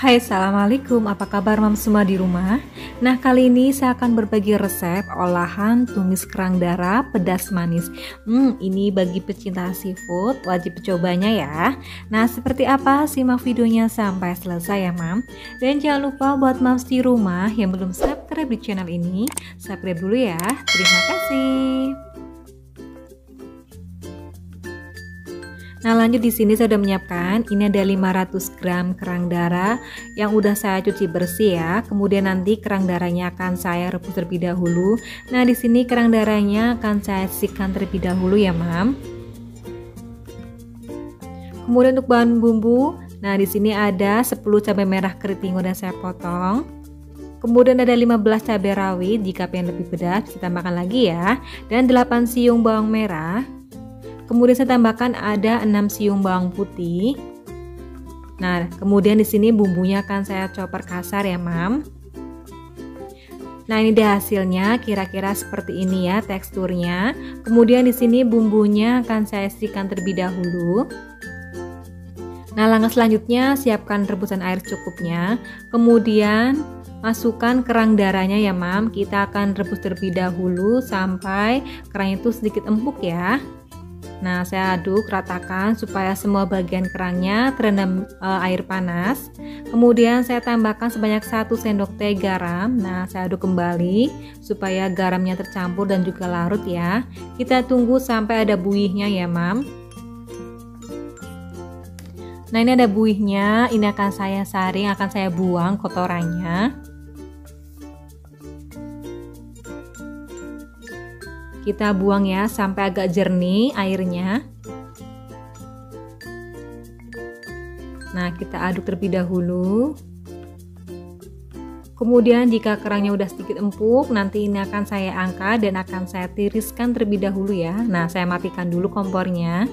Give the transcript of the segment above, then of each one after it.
Hai, Assalamualaikum, apa kabar mam semua di rumah? Nah, kali ini saya akan berbagi resep olahan tumis kerang darah pedas manis Hmm, ini bagi pecinta seafood, wajib cobanya ya Nah, seperti apa? Simak videonya sampai selesai ya mam Dan jangan lupa buat mam di rumah yang belum subscribe di channel ini Subscribe dulu ya, terima kasih Nah lanjut di sini saya sudah menyiapkan ini ada 500 gram kerang darah yang udah saya cuci bersih ya. Kemudian nanti kerang darahnya akan saya rebus terlebih dahulu. Nah di sini kerang darahnya akan saya sisihkan terlebih dahulu ya mam. Kemudian untuk bahan bumbu, nah di sini ada 10 cabai merah keriting udah saya potong. Kemudian ada 15 cabai rawit, jika pengen lebih pedas kita tambahkan lagi ya. Dan 8 siung bawang merah. Kemudian saya tambahkan ada 6 siung bawang putih. Nah, kemudian di sini bumbunya akan saya chopper kasar ya, Mam. Nah, ini dia hasilnya, kira-kira seperti ini ya teksturnya. Kemudian di sini bumbunya akan saya sisihkan terlebih dahulu. Nah, langkah selanjutnya siapkan rebusan air cukupnya. Kemudian masukkan kerang darahnya ya, Mam. Kita akan rebus terlebih dahulu sampai kerang itu sedikit empuk ya. Nah, saya aduk ratakan supaya semua bagian kerangnya terendam e, air panas. Kemudian saya tambahkan sebanyak 1 sendok teh garam. Nah, saya aduk kembali supaya garamnya tercampur dan juga larut ya. Kita tunggu sampai ada buihnya ya, Mam. Nah, ini ada buihnya. Ini akan saya saring, akan saya buang kotorannya. Kita buang ya sampai agak jernih airnya. Nah, kita aduk terlebih dahulu. Kemudian jika kerangnya udah sedikit empuk, nanti ini akan saya angkat dan akan saya tiriskan terlebih dahulu ya. Nah, saya matikan dulu kompornya.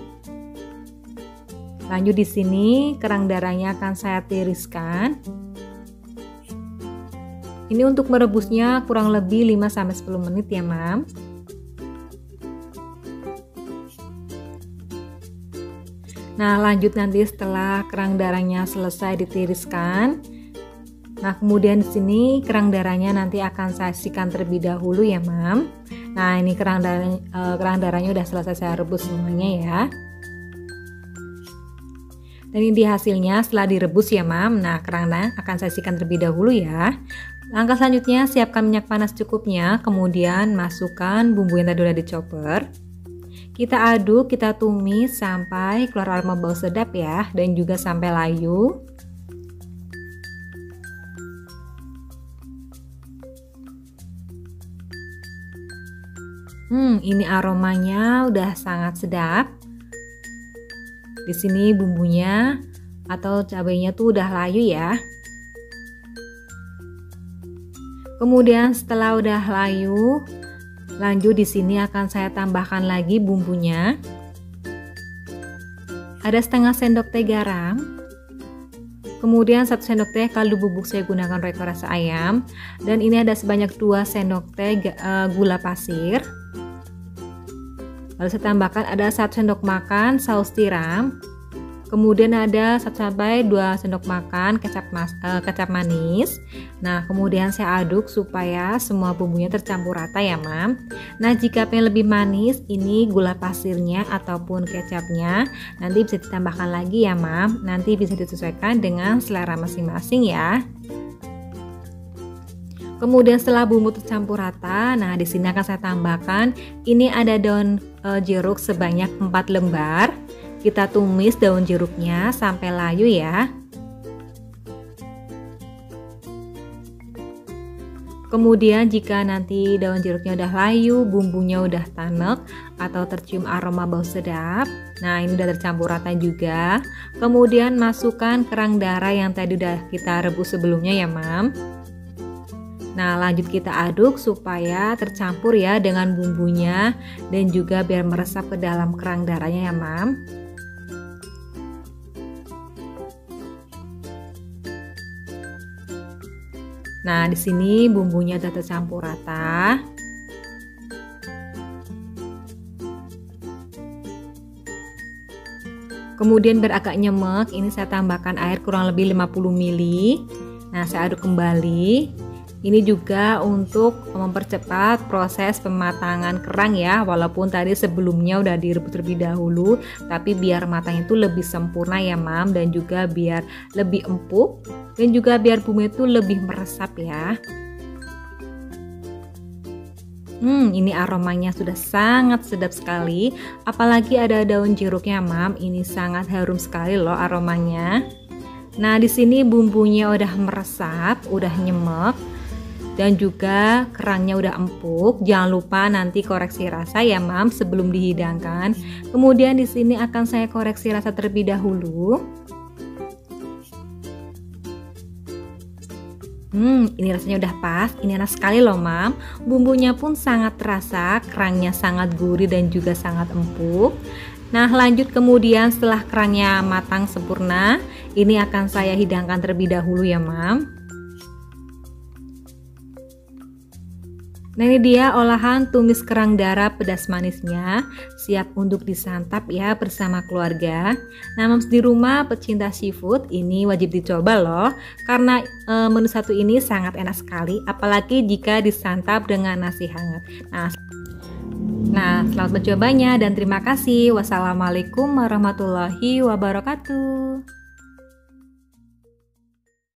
Lanjut di sini kerang darahnya akan saya tiriskan. Ini untuk merebusnya kurang lebih 5 10 menit ya, Mam. Nah, lanjut nanti setelah kerang darahnya selesai ditiriskan. Nah, kemudian di sini kerang darahnya nanti akan saya sisikan terlebih dahulu ya, Mam. Nah, ini kerang darahnya, e, kerang darahnya udah selesai saya rebus semuanya ya. Dan ini hasilnya setelah direbus ya, Mam. Nah, kerang akan saya sisikan terlebih dahulu ya. Langkah selanjutnya, siapkan minyak panas cukupnya, kemudian masukkan bumbu yang tadi udah dicoper. Kita aduk, kita tumis sampai keluar aroma bau sedap ya dan juga sampai layu. Hmm, ini aromanya udah sangat sedap. Di sini bumbunya atau cabainya tuh udah layu ya. Kemudian setelah udah layu, Lanjut di sini akan saya tambahkan lagi bumbunya. Ada setengah sendok teh garam. Kemudian satu sendok teh kaldu bubuk saya gunakan rekor rasa ayam dan ini ada sebanyak 2 sendok teh e, gula pasir. Lalu saya tambahkan ada satu sendok makan saus tiram Kemudian ada 1 sampai 2 sendok makan kecap mas, uh, kecap manis. Nah, kemudian saya aduk supaya semua bumbunya tercampur rata ya, Mam. Nah, jika pengen lebih manis, ini gula pasirnya ataupun kecapnya nanti bisa ditambahkan lagi ya, Mam. Nanti bisa disesuaikan dengan selera masing-masing ya. Kemudian setelah bumbu tercampur rata, nah di sini akan saya tambahkan ini ada daun eh, jeruk sebanyak 4 lembar. Kita tumis daun jeruknya sampai layu ya. Kemudian jika nanti daun jeruknya udah layu, bumbunya udah tanek atau tercium aroma bau sedap. Nah, ini udah tercampur rata juga. Kemudian masukkan kerang darah yang tadi udah kita rebus sebelumnya ya, Mam. Nah, lanjut kita aduk supaya tercampur ya dengan bumbunya dan juga biar meresap ke dalam kerang darahnya ya, Mam. Nah, di sini bumbunya sudah tercampur rata. Kemudian biar agak nyemek, ini saya tambahkan air kurang lebih 50 ml. Nah, saya aduk kembali. Ini juga untuk mempercepat proses pematangan kerang ya, walaupun tadi sebelumnya udah direbus terlebih dahulu, tapi biar matang itu lebih sempurna ya, Mam, dan juga biar lebih empuk dan juga biar bumbu itu lebih meresap ya. Hmm, ini aromanya sudah sangat sedap sekali, apalagi ada daun jeruknya, Mam. Ini sangat harum sekali loh aromanya. Nah, di sini bumbunya udah meresap, udah nyemek dan juga kerangnya udah empuk. Jangan lupa nanti koreksi rasa ya, Mam, sebelum dihidangkan. Kemudian di sini akan saya koreksi rasa terlebih dahulu. Hmm, ini rasanya udah pas, ini enak sekali loh mam Bumbunya pun sangat terasa, kerangnya sangat gurih dan juga sangat empuk Nah lanjut kemudian setelah kerangnya matang sempurna Ini akan saya hidangkan terlebih dahulu ya mam Nah ini dia olahan tumis kerang darah pedas manisnya Siap untuk disantap ya bersama keluarga Nah moms di rumah pecinta seafood ini wajib dicoba loh Karena e, menu satu ini sangat enak sekali Apalagi jika disantap dengan nasi hangat Nah, nah selamat mencobanya dan terima kasih Wassalamualaikum warahmatullahi wabarakatuh